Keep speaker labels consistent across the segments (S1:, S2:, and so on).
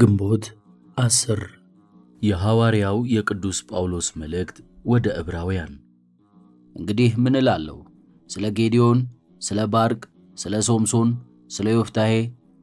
S1: ግንቦት አስር የሐዋርያው የቅዱስ ጳውሎስ መልእክት ወደ ዕብራውያን። እንግዲህ ምን እላለሁ? ስለ ጌዲዮን፣ ስለ ባርቅ፣ ስለ ሶምሶን፣ ስለ ዮፍታሄ፣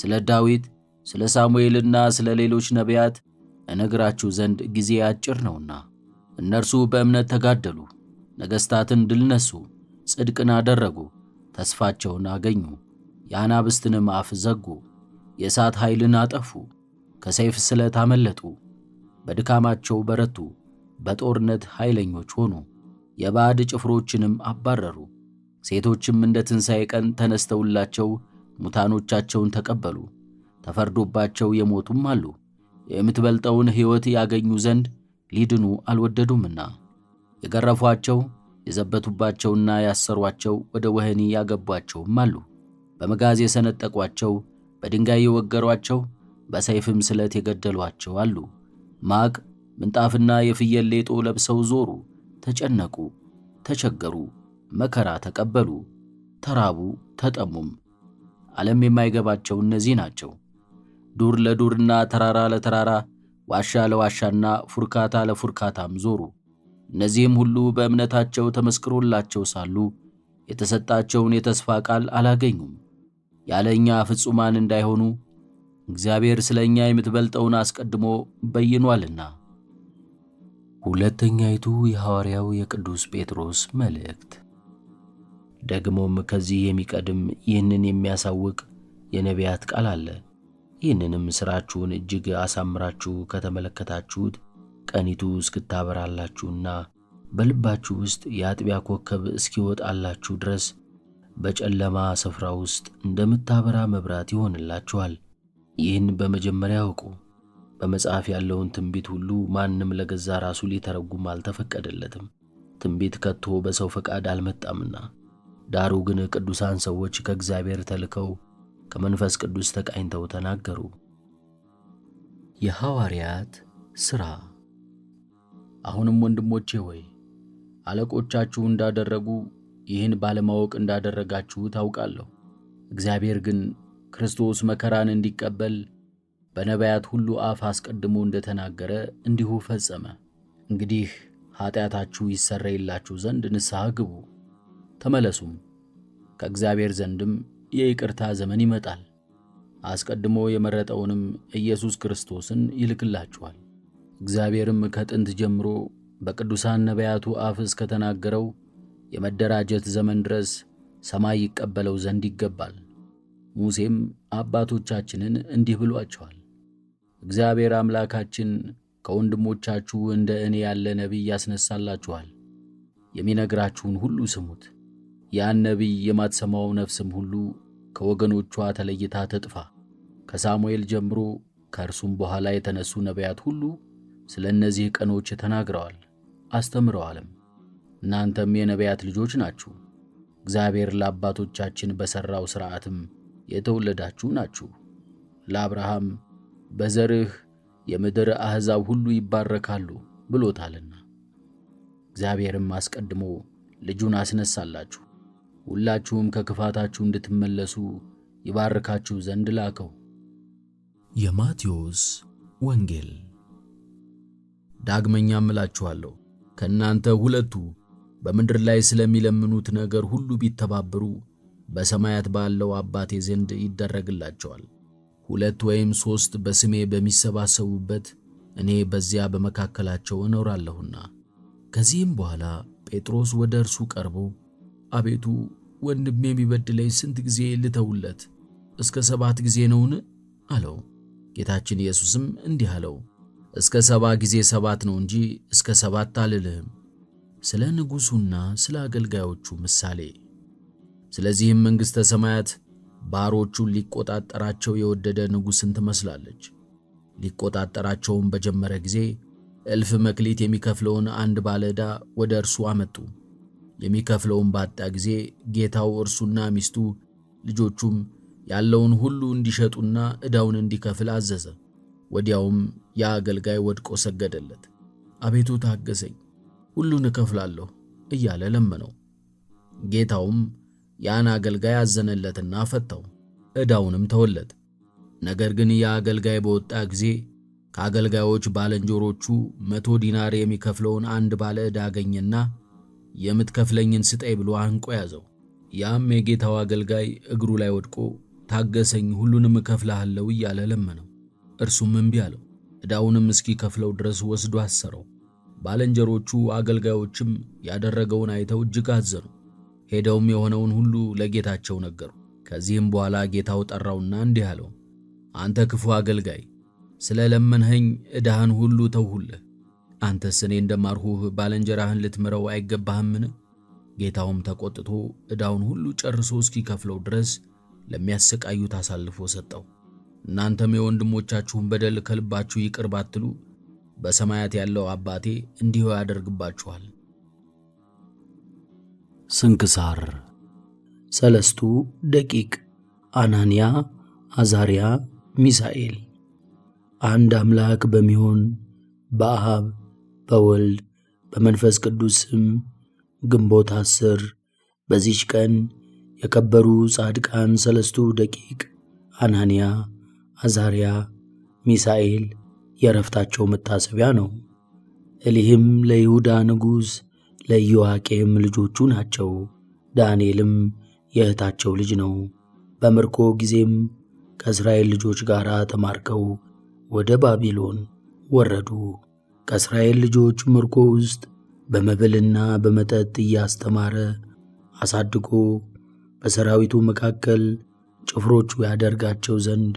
S1: ስለ ዳዊት፣ ስለ ሳሙኤልና ስለ ሌሎች ነቢያት እነግራችሁ ዘንድ ጊዜ አጭር ነውና። እነርሱ በእምነት ተጋደሉ፣ ነገሥታትን ድል ጽድቅን አደረጉ፣ ተስፋቸውን አገኙ፣ የአናብስትንም አፍ ዘጉ፣ የእሳት ኃይልን አጠፉ ከሰይፍ ስለት አመለጡ። በድካማቸው በረቱ፣ በጦርነት ኃይለኞች ሆኑ። የባዕድ ጭፍሮችንም አባረሩ። ሴቶችም እንደ ትንሣኤ ቀን ተነስተውላቸው ሙታኖቻቸውን ተቀበሉ። ተፈርዶባቸው የሞቱም አሉ። የምትበልጠውን ሕይወት ያገኙ ዘንድ ሊድኑ አልወደዱምና የገረፏቸው የዘበቱባቸውና ያሰሯቸው ወደ ወህኒ ያገቧቸውም አሉ። በመጋዝ የሰነጠቋቸው፣ በድንጋይ የወገሯቸው በሰይፍም ስለት የገደሏቸው አሉ። ማቅ ምንጣፍና የፍየል ሌጦ ለብሰው ዞሩ፣ ተጨነቁ፣ ተቸገሩ፣ መከራ ተቀበሉ፣ ተራቡ፣ ተጠሙም። ዓለም የማይገባቸው እነዚህ ናቸው። ዱር ለዱርና ተራራ ለተራራ ዋሻ ለዋሻና ፉርካታ ለፉርካታም ዞሩ። እነዚህም ሁሉ በእምነታቸው ተመስክሮላቸው ሳሉ የተሰጣቸውን የተስፋ ቃል አላገኙም። ያለ እኛ ፍጹማን እንዳይሆኑ እግዚአብሔር ስለ እኛ የምትበልጠውን አስቀድሞ በይኗልና።
S2: ሁለተኛይቱ የሐዋርያው የቅዱስ ጴጥሮስ መልእክት። ደግሞም ከዚህ የሚቀድም ይህንን የሚያሳውቅ የነቢያት ቃል አለ። ይህንንም ሥራችሁን እጅግ አሳምራችሁ ከተመለከታችሁት ቀኒቱ እስክታበራላችሁና በልባችሁ ውስጥ የአጥቢያ ኮከብ እስኪወጣላችሁ ድረስ በጨለማ ስፍራ ውስጥ እንደምታበራ መብራት ይሆንላችኋል። ይህን በመጀመሪያ ያውቁ። በመጽሐፍ ያለውን ትንቢት ሁሉ ማንም ለገዛ ራሱ ሊተረጉም አልተፈቀደለትም። ትንቢት ከቶ በሰው ፈቃድ አልመጣምና። ዳሩ ግን ቅዱሳን ሰዎች ከእግዚአብሔር ተልከው ከመንፈስ ቅዱስ ተቃኝተው ተናገሩ።
S3: የሐዋርያት ሥራ። አሁንም ወንድሞቼ ሆይ አለቆቻችሁ እንዳደረጉ ይህን ባለማወቅ እንዳደረጋችሁ ታውቃለሁ። እግዚአብሔር ግን ክርስቶስ መከራን እንዲቀበል በነቢያት ሁሉ አፍ አስቀድሞ እንደተናገረ እንዲሁ ፈጸመ። እንግዲህ ኃጢአታችሁ ይሰረይላችሁ ዘንድ ንስሐ ግቡ ተመለሱም፣ ከእግዚአብሔር ዘንድም የይቅርታ ዘመን ይመጣል፣ አስቀድሞ የመረጠውንም ኢየሱስ ክርስቶስን ይልክላችኋል። እግዚአብሔርም ከጥንት ጀምሮ በቅዱሳን ነቢያቱ አፍ እስከተናገረው የመደራጀት ዘመን ድረስ ሰማይ ይቀበለው ዘንድ ይገባል። ሙሴም አባቶቻችንን እንዲህ ብሏቸዋል፣ እግዚአብሔር አምላካችን ከወንድሞቻችሁ እንደ እኔ ያለ ነቢይ ያስነሳላችኋል። የሚነግራችሁን ሁሉ ስሙት። ያን ነቢይ የማትሰማው ነፍስም ሁሉ ከወገኖቿ ተለይታ ትጥፋ። ከሳሙኤል ጀምሮ ከእርሱም በኋላ የተነሱ ነቢያት ሁሉ ስለ እነዚህ ቀኖች ተናግረዋል አስተምረዋልም። እናንተም የነቢያት ልጆች ናችሁ። እግዚአብሔር ለአባቶቻችን በሠራው ሥርዓትም የተወለዳችሁ ናችሁ። ለአብርሃም በዘርህ የምድር አሕዛብ ሁሉ ይባረካሉ ብሎታልና። እግዚአብሔርም አስቀድሞ ልጁን አስነሳላችሁ፣ ሁላችሁም ከክፋታችሁ እንድትመለሱ ይባርካችሁ ዘንድ ላከው።
S4: የማቴዎስ ወንጌል። ዳግመኛም እላችኋለሁ ከእናንተ ሁለቱ በምድር ላይ ስለሚለምኑት ነገር ሁሉ ቢተባበሩ በሰማያት ባለው አባቴ ዘንድ ይደረግላቸዋል። ሁለት ወይም ሦስት በስሜ በሚሰባሰቡበት እኔ በዚያ በመካከላቸው እኖራለሁና። ከዚህም በኋላ ጴጥሮስ ወደ እርሱ ቀርቦ አቤቱ ወንድሜ የሚበድለኝ ስንት ጊዜ ልተውለት? እስከ ሰባት ጊዜ ነውን? አለው። ጌታችን ኢየሱስም እንዲህ አለው፣ እስከ ሰባ ጊዜ ሰባት ነው እንጂ እስከ ሰባት አልልህም። ስለ ንጉሡና ስለ አገልጋዮቹ ምሳሌ ስለዚህም መንግሥተ ሰማያት ባሮቹን ሊቆጣጠራቸው የወደደ ንጉሥን ትመስላለች። ሊቆጣጠራቸውም በጀመረ ጊዜ እልፍ መክሊት የሚከፍለውን አንድ ባለዕዳ ወደ እርሱ አመጡ። የሚከፍለውን ባጣ ጊዜ ጌታው እርሱና ሚስቱ ልጆቹም ያለውን ሁሉ እንዲሸጡና ዕዳውን እንዲከፍል አዘዘ። ወዲያውም ያ አገልጋይ ወድቆ ሰገደለት። አቤቱ ታገሰኝ፣ ሁሉን እከፍላለሁ እያለ ለመነው። ጌታውም ያን አገልጋይ አዘነለትና ፈተው ዕዳውንም ተወለት። ነገር ግን ያ አገልጋይ በወጣ ጊዜ ከአገልጋዮች ባለንጀሮቹ መቶ ዲናር የሚከፍለውን አንድ ባለ ዕዳ አገኘና የምትከፍለኝን ስጠይ ብሎ አንቆ ያዘው። ያም የጌታው አገልጋይ እግሩ ላይ ወድቆ ታገሰኝ፣ ሁሉንም እከፍልሃለሁ እያለ ለመነው። እርሱም እምቢ አለው። ዕዳውንም እስኪከፍለው ድረስ ወስዶ አሰረው። ባለንጀሮቹ አገልጋዮችም ያደረገውን አይተው እጅግ አዘኑ። ሄደውም የሆነውን ሁሉ ለጌታቸው ነገሩ። ከዚህም በኋላ ጌታው ጠራውና እንዲህ አለው፣ አንተ ክፉ አገልጋይ፣ ስለ ለመንኸኝ ዕዳህን ሁሉ ተውሁልህ። አንተስ እኔ እንደማርሁህ ባልንጀራህን ልትምረው አይገባህምን? ጌታውም ተቆጥቶ ዕዳውን ሁሉ ጨርሶ እስኪከፍለው ድረስ ለሚያሰቃዩት አሳልፎ ሰጠው። እናንተም የወንድሞቻችሁን በደል ከልባችሁ ይቅር ባትሉ በሰማያት ያለው አባቴ እንዲሁ ያደርግባችኋል።
S5: ስንክሳር ሰለስቱ ደቂቅ አናንያ፣ አዛርያ፣ ሚሳኤል። አንድ አምላክ በሚሆን በአብ በወልድ በመንፈስ ቅዱስ ስም ግንቦት አስር በዚች ቀን የከበሩ ጻድቃን ሰለስቱ ደቂቅ አናንያ፣ አዛርያ፣ ሚሳኤል የረፍታቸው መታሰቢያ ነው። እሊህም ለይሁዳ ንጉሥ ለኢዮአቄም ልጆቹ ናቸው። ዳንኤልም የእህታቸው ልጅ ነው። በምርኮ ጊዜም ከእስራኤል ልጆች ጋር ተማርከው ወደ ባቢሎን ወረዱ። ከእስራኤል ልጆች ምርኮ ውስጥ በመብልና በመጠጥ እያስተማረ አሳድጎ በሰራዊቱ መካከል ጭፍሮቹ ያደርጋቸው ዘንድ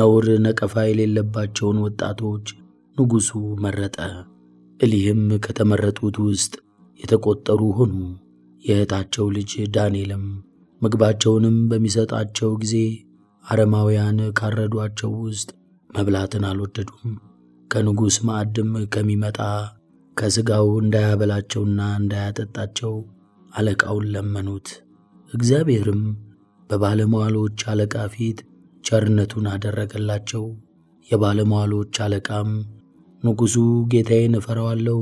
S5: ነውር ነቀፋ የሌለባቸውን ወጣቶች ንጉሡ መረጠ። እሊህም ከተመረጡት ውስጥ የተቆጠሩ ሆኑ። የእህታቸው ልጅ ዳንኤልም ምግባቸውንም በሚሰጣቸው ጊዜ አረማውያን ካረዷቸው ውስጥ መብላትን አልወደዱም። ከንጉሥ ማዕድም ከሚመጣ ከሥጋው እንዳያበላቸውና እንዳያጠጣቸው አለቃውን ለመኑት። እግዚአብሔርም በባለመዋሎች አለቃ ፊት ቸርነቱን አደረገላቸው። የባለመዋሎች አለቃም ንጉሡ ጌታዬን እፈራዋለሁ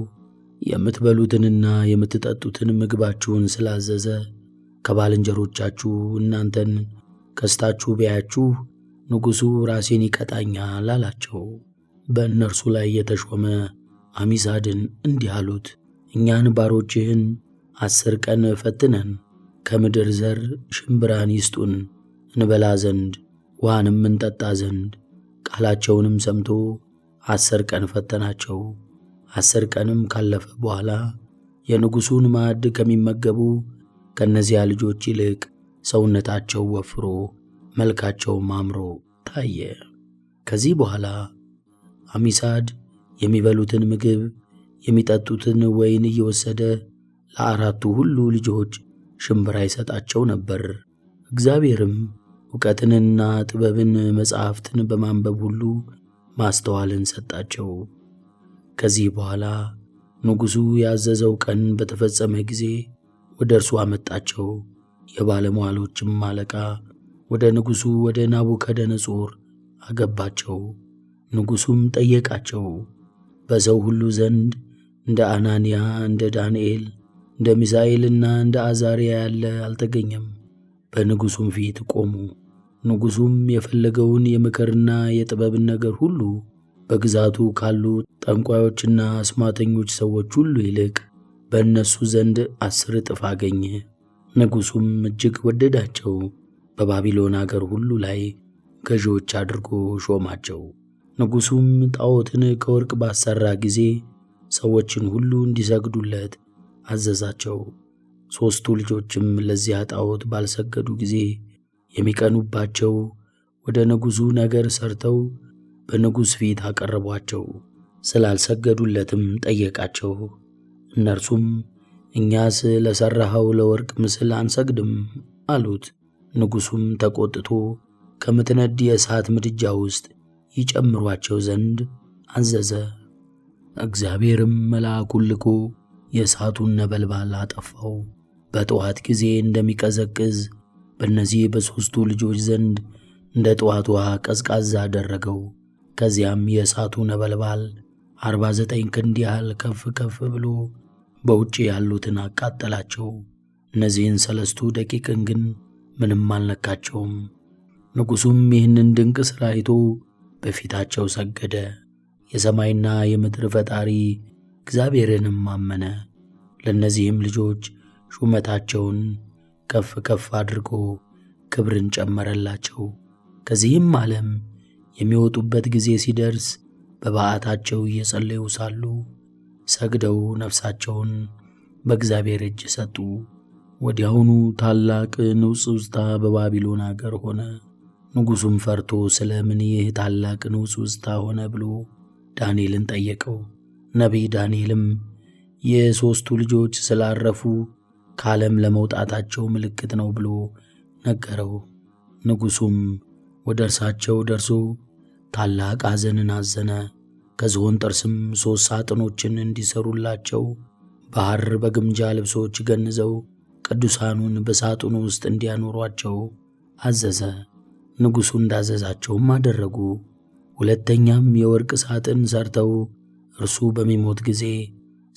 S5: የምትበሉትንና የምትጠጡትን ምግባችሁን ስላዘዘ ከባልንጀሮቻችሁ እናንተን ከስታችሁ ቢያችሁ ንጉሡ ራሴን ይቀጣኛል አላቸው። በእነርሱ ላይ የተሾመ አሚሳድን እንዲህ አሉት፣ እኛን ባሮችህን አስር ቀን ፈትነን ከምድር ዘር ሽምብራን ይስጡን እንበላ ዘንድ ውሃንም እንጠጣ ዘንድ። ቃላቸውንም ሰምቶ አስር ቀን ፈተናቸው። አስር ቀንም ካለፈ በኋላ የንጉሡን ማዕድ ከሚመገቡ ከእነዚያ ልጆች ይልቅ ሰውነታቸው ወፍሮ መልካቸውም አምሮ ታየ። ከዚህ በኋላ አሚሳድ የሚበሉትን ምግብ የሚጠጡትን ወይን እየወሰደ ለአራቱ ሁሉ ልጆች ሽምብራ ይሰጣቸው ነበር። እግዚአብሔርም እውቀትንና ጥበብን መጻሕፍትን በማንበብ ሁሉ ማስተዋልን ሰጣቸው። ከዚህ በኋላ ንጉሡ ያዘዘው ቀን በተፈጸመ ጊዜ ወደ እርሱ አመጣቸው። የባለሟሎችም አለቃ ወደ ንጉሡ ወደ ናቡከደነጾር አገባቸው። ንጉሡም ጠየቃቸው። በሰው ሁሉ ዘንድ እንደ አናንያ፣ እንደ ዳንኤል፣ እንደ ሚሳኤልና እንደ አዛርያ ያለ አልተገኘም። በንጉሡም ፊት ቆሙ። ንጉሡም የፈለገውን የምክርና የጥበብን ነገር ሁሉ በግዛቱ ካሉ ጠንቋዮችና አስማተኞች ሰዎች ሁሉ ይልቅ በእነሱ ዘንድ አስር እጥፍ አገኘ። ንጉሡም እጅግ ወደዳቸው፣ በባቢሎን አገር ሁሉ ላይ ገዢዎች አድርጎ ሾማቸው። ንጉሡም ጣዖትን ከወርቅ ባሠራ ጊዜ ሰዎችን ሁሉ እንዲሰግዱለት አዘዛቸው። ሦስቱ ልጆችም ለዚያ ጣዖት ባልሰገዱ ጊዜ የሚቀኑባቸው ወደ ንጉሡ ነገር ሠርተው በንጉሥ ፊት አቀረቧቸው። ስላልሰገዱለትም ጠየቃቸው። እነርሱም እኛስ ለሠራኸው ለወርቅ ምስል አንሰግድም አሉት። ንጉሡም ተቆጥቶ ከምትነድ የእሳት ምድጃ ውስጥ ይጨምሯቸው ዘንድ አዘዘ። እግዚአብሔርም መልአኩን ልኮ የእሳቱን ነበልባል አጠፋው። በጠዋት ጊዜ እንደሚቀዘቅዝ በእነዚህ በሦስቱ ልጆች ዘንድ እንደ ጠዋት ውሃ ቀዝቃዛ አደረገው። ከዚያም የእሳቱ ነበልባል 49 ክንድ ያህል ከፍ ከፍ ብሎ በውጭ ያሉትን አቃጠላቸው። እነዚህን ሰለስቱ ደቂቅን ግን ምንም አልነካቸውም። ንጉሡም ይህንን ድንቅ ሥራ አይቶ በፊታቸው ሰገደ። የሰማይና የምድር ፈጣሪ እግዚአብሔርንም አመነ። ለእነዚህም ልጆች ሹመታቸውን ከፍ ከፍ አድርጎ ክብርን ጨመረላቸው። ከዚህም ዓለም የሚወጡበት ጊዜ ሲደርስ በበዓታቸው እየጸለዩ ሳሉ ሰግደው ነፍሳቸውን በእግዚአብሔር እጅ ሰጡ። ወዲያውኑ ታላቅ ንውጽውጽታ በባቢሎን አገር ሆነ። ንጉሡም ፈርቶ ስለ ምን ይህ ታላቅ ንውጽውጽታ ሆነ ብሎ ዳንኤልን ጠየቀው። ነቢይ ዳንኤልም የሦስቱ ልጆች ስላረፉ ከዓለም ለመውጣታቸው ምልክት ነው ብሎ ነገረው። ንጉሡም ወደ እርሳቸው ደርሶ ታላቅ ሐዘንን አዘነ። ከዝሆን ጥርስም ሦስት ሳጥኖችን እንዲሰሩላቸው በሐር በግምጃ ልብሶች ገንዘው ቅዱሳኑን በሳጥኑ ውስጥ እንዲያኖሯቸው አዘዘ። ንጉሡ እንዳዘዛቸውም አደረጉ። ሁለተኛም የወርቅ ሳጥን ሰርተው እርሱ በሚሞት ጊዜ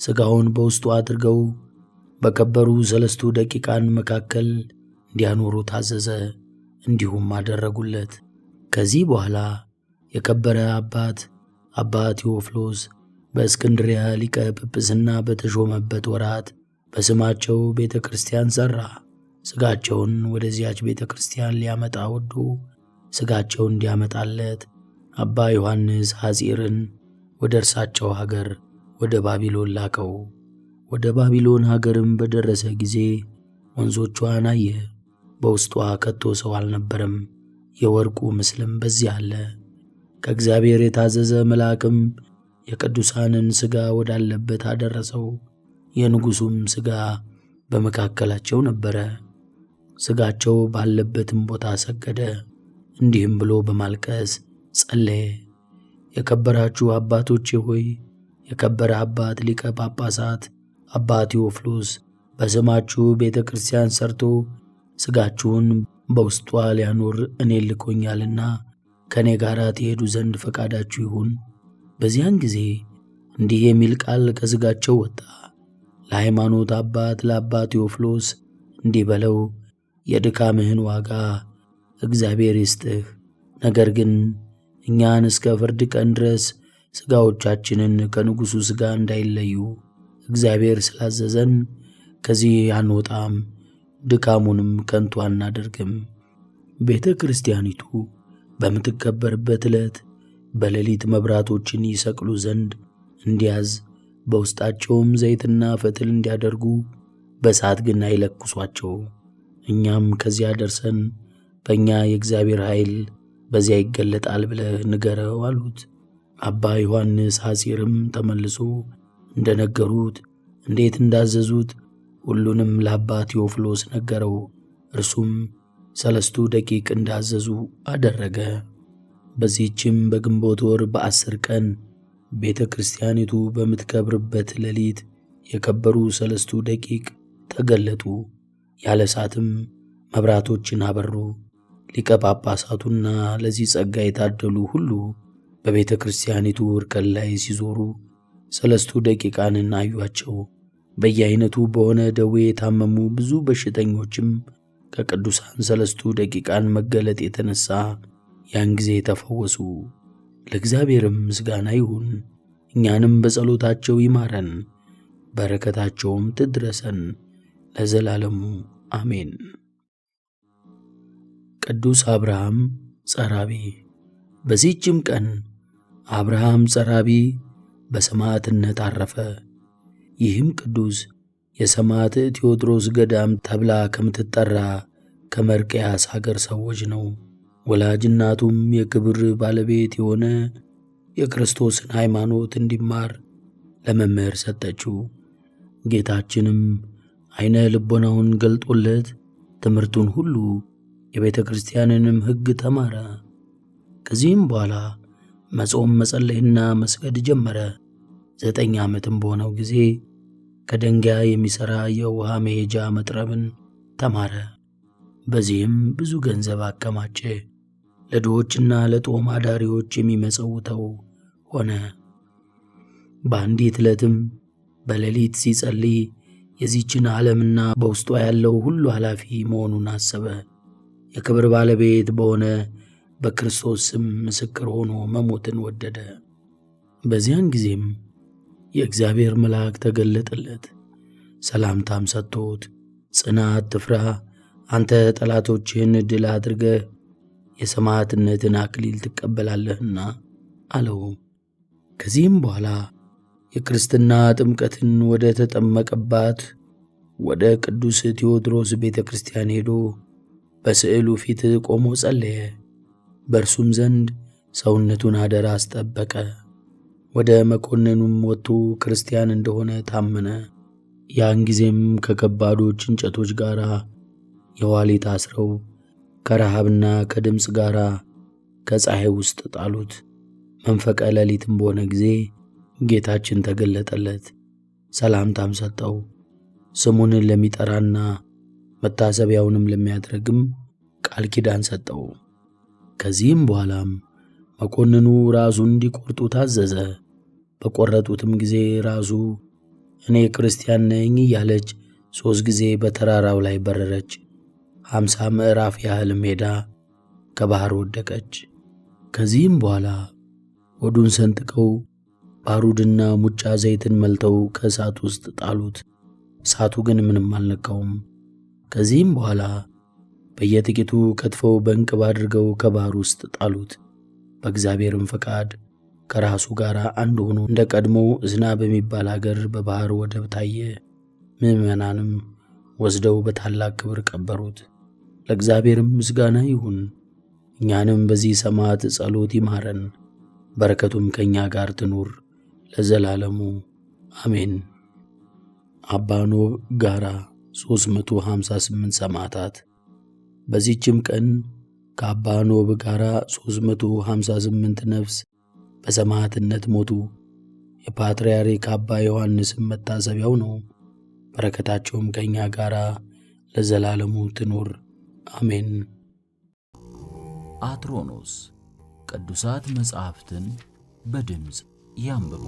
S5: ሥጋውን በውስጡ አድርገው በከበሩ ሰለስቱ ደቂቃን መካከል እንዲያኖሩ ታዘዘ። እንዲሁም አደረጉለት። ከዚህ በኋላ የከበረ አባት አባ ቴዎፍሎስ በእስክንድሪያ ሊቀ ጵጵስና በተሾመበት ወራት በስማቸው ቤተ ክርስቲያን ሠራ። ሥጋቸውን ወደዚያች ቤተ ክርስቲያን ሊያመጣ ወዶ ሥጋቸውን እንዲያመጣለት አባ ዮሐንስ ሐጺርን ወደ እርሳቸው ሀገር ወደ ባቢሎን ላከው። ወደ ባቢሎን አገርም በደረሰ ጊዜ ወንዞቿን አየ። በውስጧ ከቶ ሰው አልነበረም። የወርቁ ምስልም በዚያ አለ። ከእግዚአብሔር የታዘዘ መልአክም የቅዱሳንን ሥጋ ወዳለበት አደረሰው። የንጉሡም ሥጋ በመካከላቸው ነበረ። ሥጋቸው ባለበትም ቦታ ሰገደ፣ እንዲህም ብሎ በማልቀስ ጸለየ። የከበራችሁ አባቶቼ ሆይ የከበረ አባት ሊቀ ጳጳሳት አባ ቴዎፍሎስ በስማችሁ ቤተ ክርስቲያን ሠርቶ ሥጋችሁን በውስጧ ሊያኖር እኔ ልኮኛልና ከእኔ ጋር ትሄዱ ዘንድ ፈቃዳችሁ ይሁን። በዚያን ጊዜ እንዲህ የሚል ቃል ከሥጋቸው ወጣ። ለሃይማኖት አባት ለአባት ቴዎፍሎስ እንዲህ በለው፣ የድካምህን ዋጋ እግዚአብሔር ይስጥህ። ነገር ግን እኛን እስከ ፍርድ ቀን ድረስ ሥጋዎቻችንን ከንጉሡ ሥጋ እንዳይለዩ እግዚአብሔር ስላዘዘን ከዚህ አንወጣም፣ ድካሙንም ከንቱ አናደርግም። ቤተ ክርስቲያኒቱ በምትከበርበት ዕለት በሌሊት መብራቶችን ይሰቅሉ ዘንድ እንዲያዝ በውስጣቸውም ዘይትና ፈትል እንዲያደርጉ በእሳት ግን አይለኩሷቸው። እኛም ከዚያ ደርሰን በእኛ የእግዚአብሔር ኃይል በዚያ ይገለጣል ብለህ ንገረው አሉት። አባ ዮሐንስ ሐጺርም ተመልሶ እንደ ነገሩት እንዴት እንዳዘዙት ሁሉንም ለአባ ቴዎፍሎስ ነገረው። እርሱም ሰለስቱ ደቂቅ እንዳዘዙ አደረገ። በዚህችም በግንቦት ወር በአስር ቀን ቤተ ክርስቲያኒቱ በምትከብርበት ሌሊት የከበሩ ሰለስቱ ደቂቅ ተገለጡ። ያለ እሳትም መብራቶችን አበሩ። ሊቀ ጳጳሳቱና ለዚህ ጸጋ የታደሉ ሁሉ በቤተ ክርስቲያኒቱ እርከን ላይ ሲዞሩ ሰለስቱ ደቂቃንን አዩአቸው። በየአይነቱ በሆነ ደዌ የታመሙ ብዙ በሽተኞችም ከቅዱሳን ሰለስቱ ደቂቃን መገለጥ የተነሳ ያን ጊዜ ተፈወሱ። ለእግዚአብሔርም ምስጋና ይሁን፣ እኛንም በጸሎታቸው ይማረን፣ በረከታቸውም ትድረሰን ለዘላለሙ አሜን።
S6: ቅዱስ አብርሃም ጸራቢ። በዚህችም ቀን አብርሃም ጸራቢ በሰማዕትነት አረፈ። ይህም ቅዱስ የሰማዕት ቴዎድሮስ ገዳም ተብላ ከምትጠራ ከመርቅያስ አገር ሰዎች ነው። ወላጅናቱም የክብር ባለቤት የሆነ የክርስቶስን ሃይማኖት እንዲማር ለመምህር ሰጠችው። ጌታችንም ዐይነ ልቦናውን ገልጦለት ትምህርቱን ሁሉ የቤተ ክርስቲያንንም ሕግ ተማረ። ከዚህም በኋላ መጾም መጸለይና መስገድ ጀመረ። ዘጠኝ ዓመትም በሆነው ጊዜ ከድንጋይ የሚሠራ የውሃ መሄጃ መጥረብን ተማረ። በዚህም ብዙ ገንዘብ አከማቸ። ለድሆችና ለጦም አዳሪዎች የሚመጸውተው ሆነ። በአንዲት ዕለትም በሌሊት ሲጸልይ የዚችን ዓለምና በውስጧ ያለው ሁሉ ኃላፊ መሆኑን አሰበ። የክብር ባለቤት በሆነ በክርስቶስ ስም ምስክር ሆኖ መሞትን ወደደ። በዚያን ጊዜም የእግዚአብሔር መልአክ ተገለጠለት። ሰላምታም ሰጥቶት ጽናት ትፍራ አንተ ጠላቶችህን ድል አድርገህ የሰማዕትነትን አክሊል ትቀበላለህና አለው። ከዚህም በኋላ የክርስትና ጥምቀትን ወደ ተጠመቀባት ወደ ቅዱስ ቴዎድሮስ ቤተ ክርስቲያን ሄዶ በስዕሉ ፊት ቆሞ ጸለየ። በእርሱም ዘንድ ሰውነቱን አደራ አስጠበቀ። ወደ መኮንኑም ወጥቶ ክርስቲያን እንደሆነ ታመነ። ያን ጊዜም ከከባዶች እንጨቶች ጋር የዋሌት አስረው ከረሃብና ከድምፅ ጋር ከፀሐይ ውስጥ ጣሉት። መንፈቀ ሌሊትም በሆነ ጊዜ ጌታችን ተገለጠለት፣ ሰላምታም ሰጠው። ስሙን ለሚጠራና መታሰቢያውንም ለሚያደርግም ቃል ኪዳን ሰጠው። ከዚህም በኋላም መኮንኑ ራሱ እንዲቆርጡ ታዘዘ። በቆረጡትም ጊዜ ራሱ እኔ ክርስቲያን ነኝ እያለች ሦስት ጊዜ በተራራው ላይ በረረች። ሐምሳ ምዕራፍ ያህል ሜዳ ከባሕር ወደቀች። ከዚህም በኋላ ወዱን ሰንጥቀው ባሩድና ሙጫ ዘይትን መልተው ከእሳት ውስጥ ጣሉት። እሳቱ ግን ምንም አልነካውም። ከዚህም በኋላ በየጥቂቱ ከትፈው በእንቅብ አድርገው ከባሕር ውስጥ ጣሉት። በእግዚአብሔርም ፈቃድ ከራሱ ጋር አንድ ሆኖ እንደ ቀድሞ ዝና በሚባል አገር በባህር ወደብ ታየ። ምዕመናንም ወስደው በታላቅ ክብር ቀበሩት። ለእግዚአብሔርም ምስጋና ይሁን። እኛንም በዚህ ሰማዕት ጸሎት ይማረን፣ በረከቱም ከእኛ ጋር ትኑር ለዘላለሙ አሜን። አባ ኖብ ጋራ 358 ሰማዕታት። በዚህችም ቀን ከአባ ኖብ ጋር 358 ነፍስ በሰማዕትነት ሞቱ። የፓትርያርክ አባ ዮሐንስም መታሰቢያው ነው። በረከታቸውም ከእኛ ጋር ለዘላለሙ ትኑር አሜን። አትሮኖስ ቅዱሳት መጻሕፍትን በድምፅ ያንብቡ።